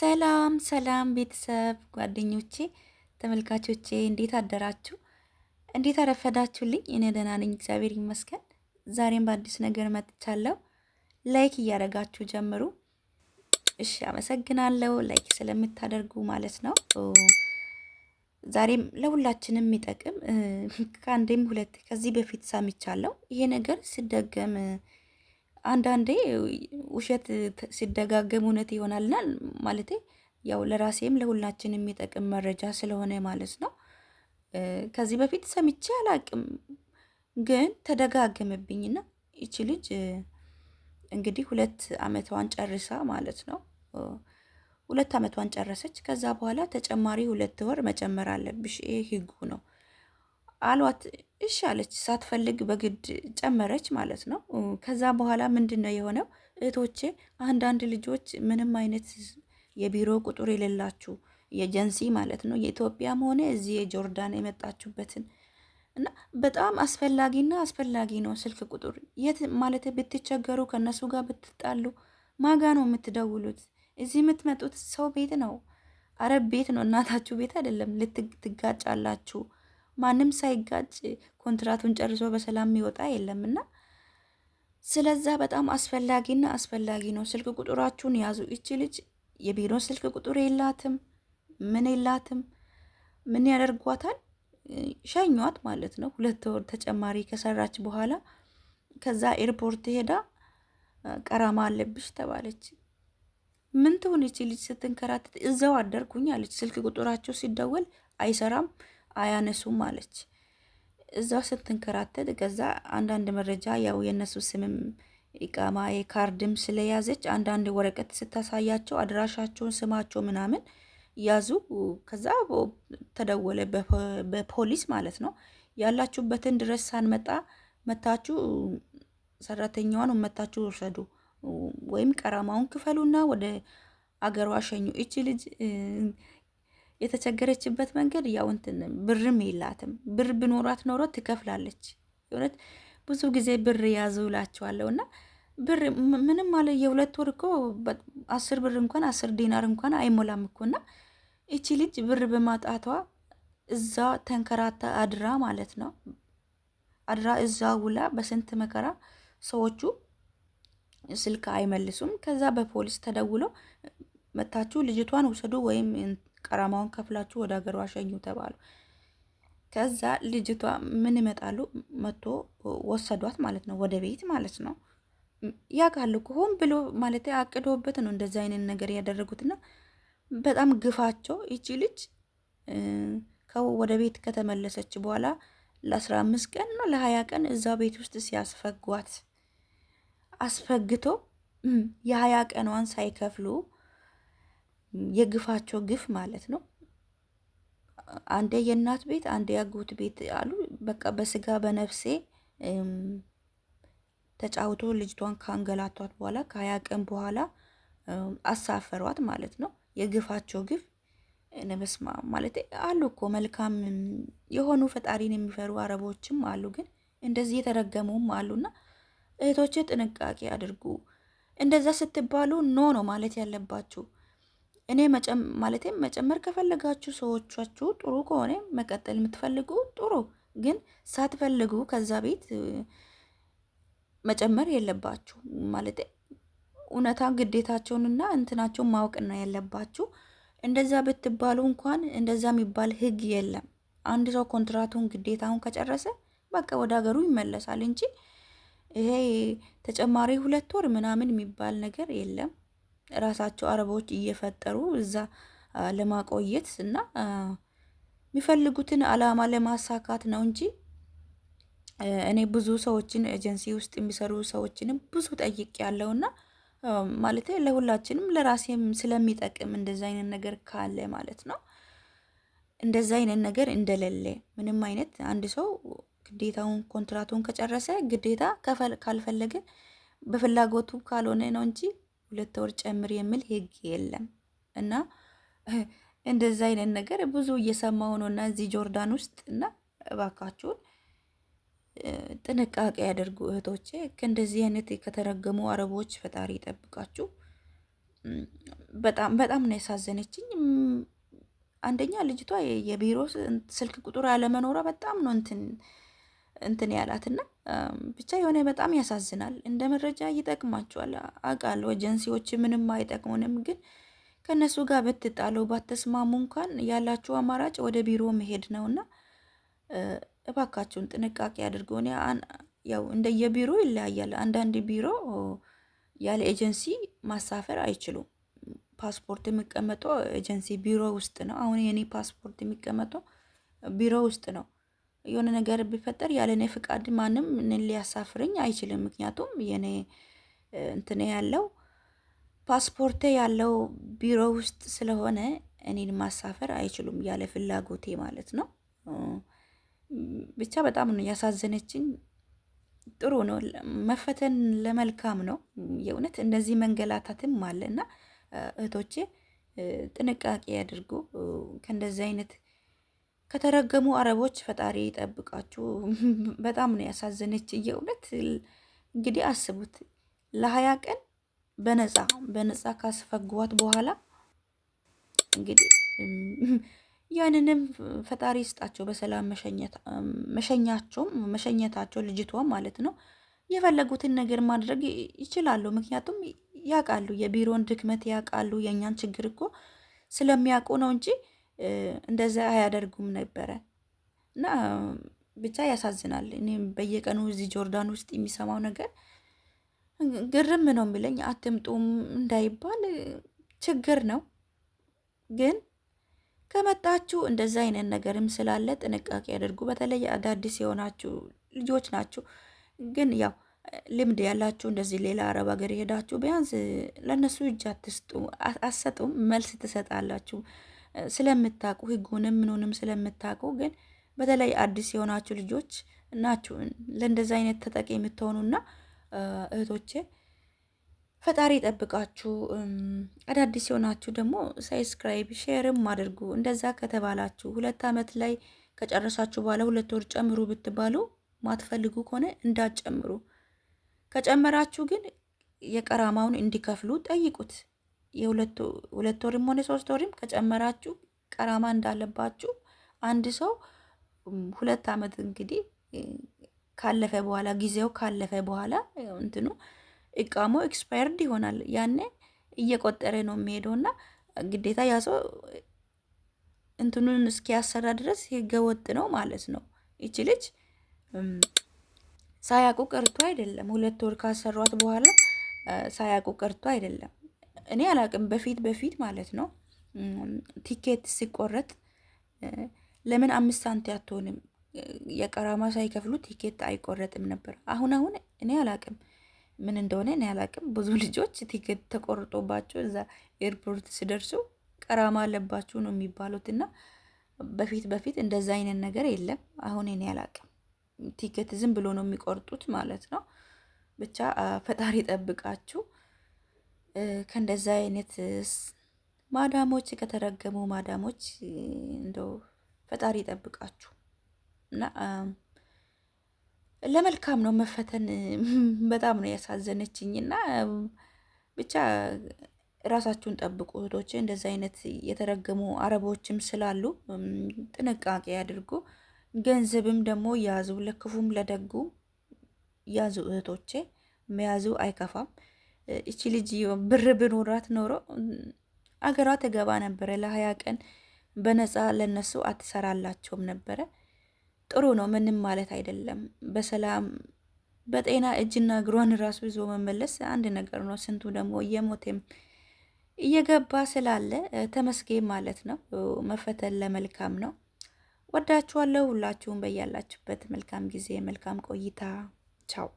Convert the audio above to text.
ሰላም ሰላም ቤተሰብ ጓደኞቼ ተመልካቾቼ እንዴት አደራችሁ? እንዴት አረፈዳችሁልኝ? እኔ ደህና ነኝ፣ እግዚአብሔር ይመስገን። ዛሬም በአዲስ ነገር መጥቻለሁ። ላይክ እያደረጋችሁ ጀምሩ። እሺ፣ አመሰግናለሁ ላይክ ስለምታደርጉ ማለት ነው። ዛሬም ለሁላችንም የሚጠቅም ከአንዴም ሁለት ከዚህ በፊት ሰምቻለሁ። ይሄ ነገር ሲደገም አንዳንዴ ውሸት ሲደጋገም እውነት ይሆናልና ማለት ያው ለራሴም ለሁላችን የሚጠቅም መረጃ ስለሆነ ማለት ነው። ከዚህ በፊት ሰምቼ አላቅም፣ ግን ተደጋገመብኝና ይቺ ልጅ እንግዲህ ሁለት ዓመቷን ጨርሳ ማለት ነው ሁለት አመቷን ጨረሰች። ከዛ በኋላ ተጨማሪ ሁለት ወር መጨመር አለብሽ፣ ይሄ ህጉ ነው። አሏት። እሺ አለች። ሳትፈልግ በግድ ጨመረች ማለት ነው። ከዛ በኋላ ምንድን ነው የሆነው? እህቶቼ አንዳንድ ልጆች ምንም አይነት የቢሮ ቁጥር የሌላችሁ የጀንሲ ማለት ነው የኢትዮጵያም ሆነ እዚህ የጆርዳን የመጣችሁበትን እና በጣም አስፈላጊና አስፈላጊ ነው ስልክ ቁጥር። የት ማለት ብትቸገሩ፣ ከእነሱ ጋር ብትጣሉ ማጋ ነው የምትደውሉት። እዚህ የምትመጡት ሰው ቤት ነው፣ አረብ ቤት ነው፣ እናታችሁ ቤት አይደለም። ልትጋጫላችሁ ማንም ሳይጋጭ ኮንትራቱን ጨርሶ በሰላም የሚወጣ የለምና ስለዛ በጣም አስፈላጊና አስፈላጊ ነው። ስልክ ቁጥራችሁን ያዙ። ይቺ ልጅ የቢሮ ስልክ ቁጥር የላትም፣ ምን የላትም። ምን ያደርጓታል? ሸኟት ማለት ነው። ሁለት ወር ተጨማሪ ከሰራች በኋላ ከዛ ኤርፖርት ሄዳ ቀራማ አለብሽ ተባለች። ምን ትሁን ይቺ ልጅ ስትንከራትት እዛው አደርኩኝ አለች። ስልክ ቁጥራቸው ሲደወል አይሰራም አያነሱም አለች። እዛ ስትንከራተት ከዛ አንዳንድ መረጃ ያው የእነሱ ስምም ኢቃማ የካርድም ስለያዘች አንዳንድ ወረቀት ስታሳያቸው አድራሻቸውን፣ ስማቸው ምናምን ያዙ። ከዛ ተደወለ በፖሊስ ማለት ነው። ያላችሁበትን ድረስ ሳንመጣ መታችሁ ሰራተኛዋን መታችሁ ውሰዱ ወይም ቀራማውን ክፈሉና ወደ አገሯ ሸኙ። እቺ ልጅ የተቸገረችበት መንገድ ያው እንትን ብርም የላትም። ብር ብኖሯት ኖሮ ትከፍላለች። እውነት ብዙ ጊዜ ብር ያዙ እላቸዋለሁ እና ብር ምንም አለ የሁለት ወር እኮ አስር ብር እንኳን አስር ዲናር እንኳን አይሞላም እኮ እና እቺ ልጅ ብር በማጣቷ እዛ ተንከራታ አድራ ማለት ነው አድራ እዛ ውላ በስንት መከራ ሰዎቹ ስልክ አይመልሱም። ከዛ በፖሊስ ተደውሎ መታችሁ ልጅቷን ውሰዱ ወይም ቀራማውን ከፍላችሁ ወደ ሀገሯ ሸኙ ተባሉ። ከዛ ልጅቷ ምን ይመጣሉ መጥቶ ወሰዷት ማለት ነው፣ ወደ ቤት ማለት ነው። ያውቃሉ እኮ ሆን ብሎ ማለት አቅዶበት ነው እንደዚህ አይነት ነገር ያደረጉትና በጣም ግፋቸው። ይቺ ልጅ ወደ ቤት ከተመለሰች በኋላ ለአስራ አምስት ቀን እና ለሀያ ቀን እዛ ቤት ውስጥ ሲያስፈጓት አስፈግቶ የሀያ ቀኗን ሳይከፍሉ የግፋቸው ግፍ ማለት ነው። አንዴ የእናት ቤት አንዴ ያጎት ቤት አሉ። በቃ በስጋ በነፍሴ ተጫውቶ ልጅቷን ካንገላቷት በኋላ ከሀያ ቀን በኋላ አሳፈሯት ማለት ነው። የግፋቸው ግፍ ነበስማ ማለት አሉ እኮ መልካም የሆኑ ፈጣሪን የሚፈሩ አረቦችም አሉ፣ ግን እንደዚህ የተረገሙም አሉና እህቶች ጥንቃቄ አድርጉ። እንደዛ ስትባሉ ኖ ነው ማለት ያለባችሁ። እኔ ማለት መጨመር ከፈለጋችሁ ሰዎቻችሁ ጥሩ ከሆነ መቀጠል የምትፈልጉ ጥሩ፣ ግን ሳትፈልጉ ከዛ ቤት መጨመር የለባችሁ ማለት እውነታ ግዴታቸውንና እንትናቸውን ማወቅ ነው ያለባችሁ። እንደዛ ብትባሉ እንኳን እንደዛ የሚባል ህግ የለም። አንድ ሰው ኮንትራቱን ግዴታውን ከጨረሰ በቃ ወደ ሀገሩ ይመለሳል እንጂ ይሄ ተጨማሪ ሁለት ወር ምናምን የሚባል ነገር የለም። ራሳቸው አረቦች እየፈጠሩ እዛ ለማቆየት እና የሚፈልጉትን አላማ ለማሳካት ነው እንጂ እኔ ብዙ ሰዎችን ኤጀንሲ ውስጥ የሚሰሩ ሰዎችንም ብዙ ጠይቅ ያለውና ማለት ለሁላችንም ለራሴም ስለሚጠቅም እንደዚ አይነት ነገር ካለ ማለት ነው። እንደዚ አይነት ነገር እንደሌለ ምንም አይነት አንድ ሰው ግዴታውን ኮንትራቱን ከጨረሰ ግዴታ ካልፈለገ በፍላጎቱ ካልሆነ ነው እንጂ ሁለት ወር ጨምር የሚል ህግ የለም እና እንደዚህ አይነት ነገር ብዙ እየሰማሁ ነው እና እዚህ ጆርዳን ውስጥ እና እባካችሁን ጥንቃቄ ያደርጉ እህቶቼ። ከእንደዚህ አይነት ከተረገሙ አረቦች ፈጣሪ ይጠብቃችሁ። በጣም በጣም ነው ያሳዘነችኝ። አንደኛ ልጅቷ የቢሮ ስልክ ቁጥር አለመኖሯ በጣም ነው እንትን እንትን ያላትና ብቻ የሆነ በጣም ያሳዝናል። እንደ መረጃ ይጠቅማቸዋል አውቃለሁ። ኤጀንሲዎች ምንም አይጠቅሙንም፣ ግን ከእነሱ ጋር ብትጣሉ ባተስማሙ እንኳን ያላችሁ አማራጭ ወደ ቢሮ መሄድ እና እባካችሁን ጥንቃቄ አድርጎ ያው እንደየቢሮ ይለያያል። አንዳንድ ቢሮ ያለ ኤጀንሲ ማሳፈር አይችሉም። ፓስፖርት የሚቀመጠው ኤጀንሲ ቢሮ ውስጥ ነው። አሁን የኔ ፓስፖርት የሚቀመጠው ቢሮ ውስጥ ነው። የሆነ ነገር ቢፈጠር ያለ እኔ ፍቃድ ማንም ሊያሳፍርኝ አይችልም። ምክንያቱም የኔ እንትን ያለው ፓስፖርቴ ያለው ቢሮ ውስጥ ስለሆነ እኔን ማሳፈር አይችሉም፣ ያለ ፍላጎቴ ማለት ነው። ብቻ በጣም ነው ያሳዘነችኝ። ጥሩ ነው መፈተን ለመልካም ነው። የእውነት እንደዚህ መንገላታትም አለ እና እህቶቼ ጥንቃቄ ያድርጉ ከእንደዚህ አይነት ከተረገሙ አረቦች ፈጣሪ ይጠብቃችሁ። በጣም ነው ያሳዘነች። የእውነት እንግዲህ አስቡት ለሀያ ቀን በነጻ በነጻ ካስፈጓት በኋላ እንግዲህ ያንንም ፈጣሪ ይስጣቸው በሰላም መሸኛቸው መሸኘታቸው ልጅቷ ማለት ነው። የፈለጉትን ነገር ማድረግ ይችላሉ። ምክንያቱም ያውቃሉ፣ የቢሮን ድክመት ያውቃሉ። የእኛን ችግር እኮ ስለሚያውቁ ነው እንጂ እንደዛ አያደርጉም ነበረ እና ብቻ ያሳዝናል። እኔም በየቀኑ እዚህ ጆርዳን ውስጥ የሚሰማው ነገር ግርም ነው የሚለኝ። አትምጡም እንዳይባል ችግር ነው ግን ከመጣችሁ እንደዛ አይነት ነገርም ስላለ ጥንቃቄ አድርጉ። በተለይ አዳዲስ የሆናችሁ ልጆች ናችሁ፣ ግን ያው ልምድ ያላችሁ እንደዚህ ሌላ አረብ ሀገር የሄዳችሁ ቢያንስ ለእነሱ እጅ አትስጡ፣ አሰጡም መልስ ትሰጣላችሁ። ስለምታውቁ ህጉንም ምኑንም ስለምታውቁ ግን በተለይ አዲስ የሆናችሁ ልጆች ናችሁ ለእንደዚ አይነት ተጠቂ የምትሆኑና እህቶቼ ፈጣሪ ጠብቃችሁ አዳዲስ የሆናችሁ ደግሞ ሳብስክራይብ ሼርም አድርጉ። እንደዛ ከተባላችሁ ሁለት ዓመት ላይ ከጨረሳችሁ በኋላ ሁለት ወር ጨምሩ ብትባሉ ማትፈልጉ ከሆነ እንዳትጨምሩ። ከጨመራችሁ ግን የቀራማውን እንዲከፍሉ ጠይቁት። የሁለት ወርም ሆነ ሶስት ወርም ከጨመራችሁ ቀራማ እንዳለባችሁ አንድ ሰው ሁለት ዓመት እንግዲህ ካለፈ በኋላ ጊዜው ካለፈ በኋላ እንትኑ እቃሞ ኤክስፓየርድ ይሆናል። ያኔ እየቆጠረ ነው የሚሄደውና ግዴታ ያ ሰው እንትኑን እስኪያሰራ ድረስ ህገወጥ ነው ማለት ነው። ይቺ ልጅ ሳያውቁ ቀርቶ አይደለም፣ ሁለት ወር ካሰሯት በኋላ ሳያውቁ ቀርቶ አይደለም። እኔ አላቅም። በፊት በፊት ማለት ነው ቲኬት ሲቆረጥ ለምን አምስት ሳንቲ አትሆንም የቀራማ ሳይከፍሉ ቲኬት አይቆረጥም ነበር። አሁን አሁን እኔ አላቅም ምን እንደሆነ እኔ አላቅም። ብዙ ልጆች ቲኬት ተቆርጦባቸው እዛ ኤርፖርት ሲደርሱ ቀራማ አለባችሁ ነው የሚባሉት እና በፊት በፊት እንደዛ አይነት ነገር የለም። አሁን እኔ አላቅም። ቲኬት ዝም ብሎ ነው የሚቆርጡት ማለት ነው። ብቻ ፈጣሪ ጠብቃችሁ። ከእንደዚህ አይነት ማዳሞች ከተረገሙ ማዳሞች እንደው ፈጣሪ ይጠብቃችሁ እና ለመልካም ነው መፈተን። በጣም ነው ያሳዘነችኝ እና ብቻ ራሳችሁን ጠብቁ እህቶች። እንደዚህ አይነት የተረገሙ አረቦችም ስላሉ ጥንቃቄ አድርጉ። ገንዘብም ደግሞ ያዙ፣ ለክፉም ለደጉ ያዙ እህቶቼ። መያዙ አይከፋም። እቺ ልጅ ብር ብኖራት ኖሮ አገሯ ትገባ ነበረ። ለሀያ ቀን በነፃ ለነሱ አትሰራላቸውም ነበረ። ጥሩ ነው፣ ምንም ማለት አይደለም። በሰላም በጤና እጅና እግሯን ራሱ ይዞ መመለስ አንድ ነገር ነው። ስንቱ ደግሞ እየሞቴም እየገባ ስላለ ተመስጌ ማለት ነው። መፈተን ለመልካም ነው። ወዳችኋለሁ። ሁላችሁም በያላችሁበት መልካም ጊዜ፣ መልካም ቆይታ። ቻው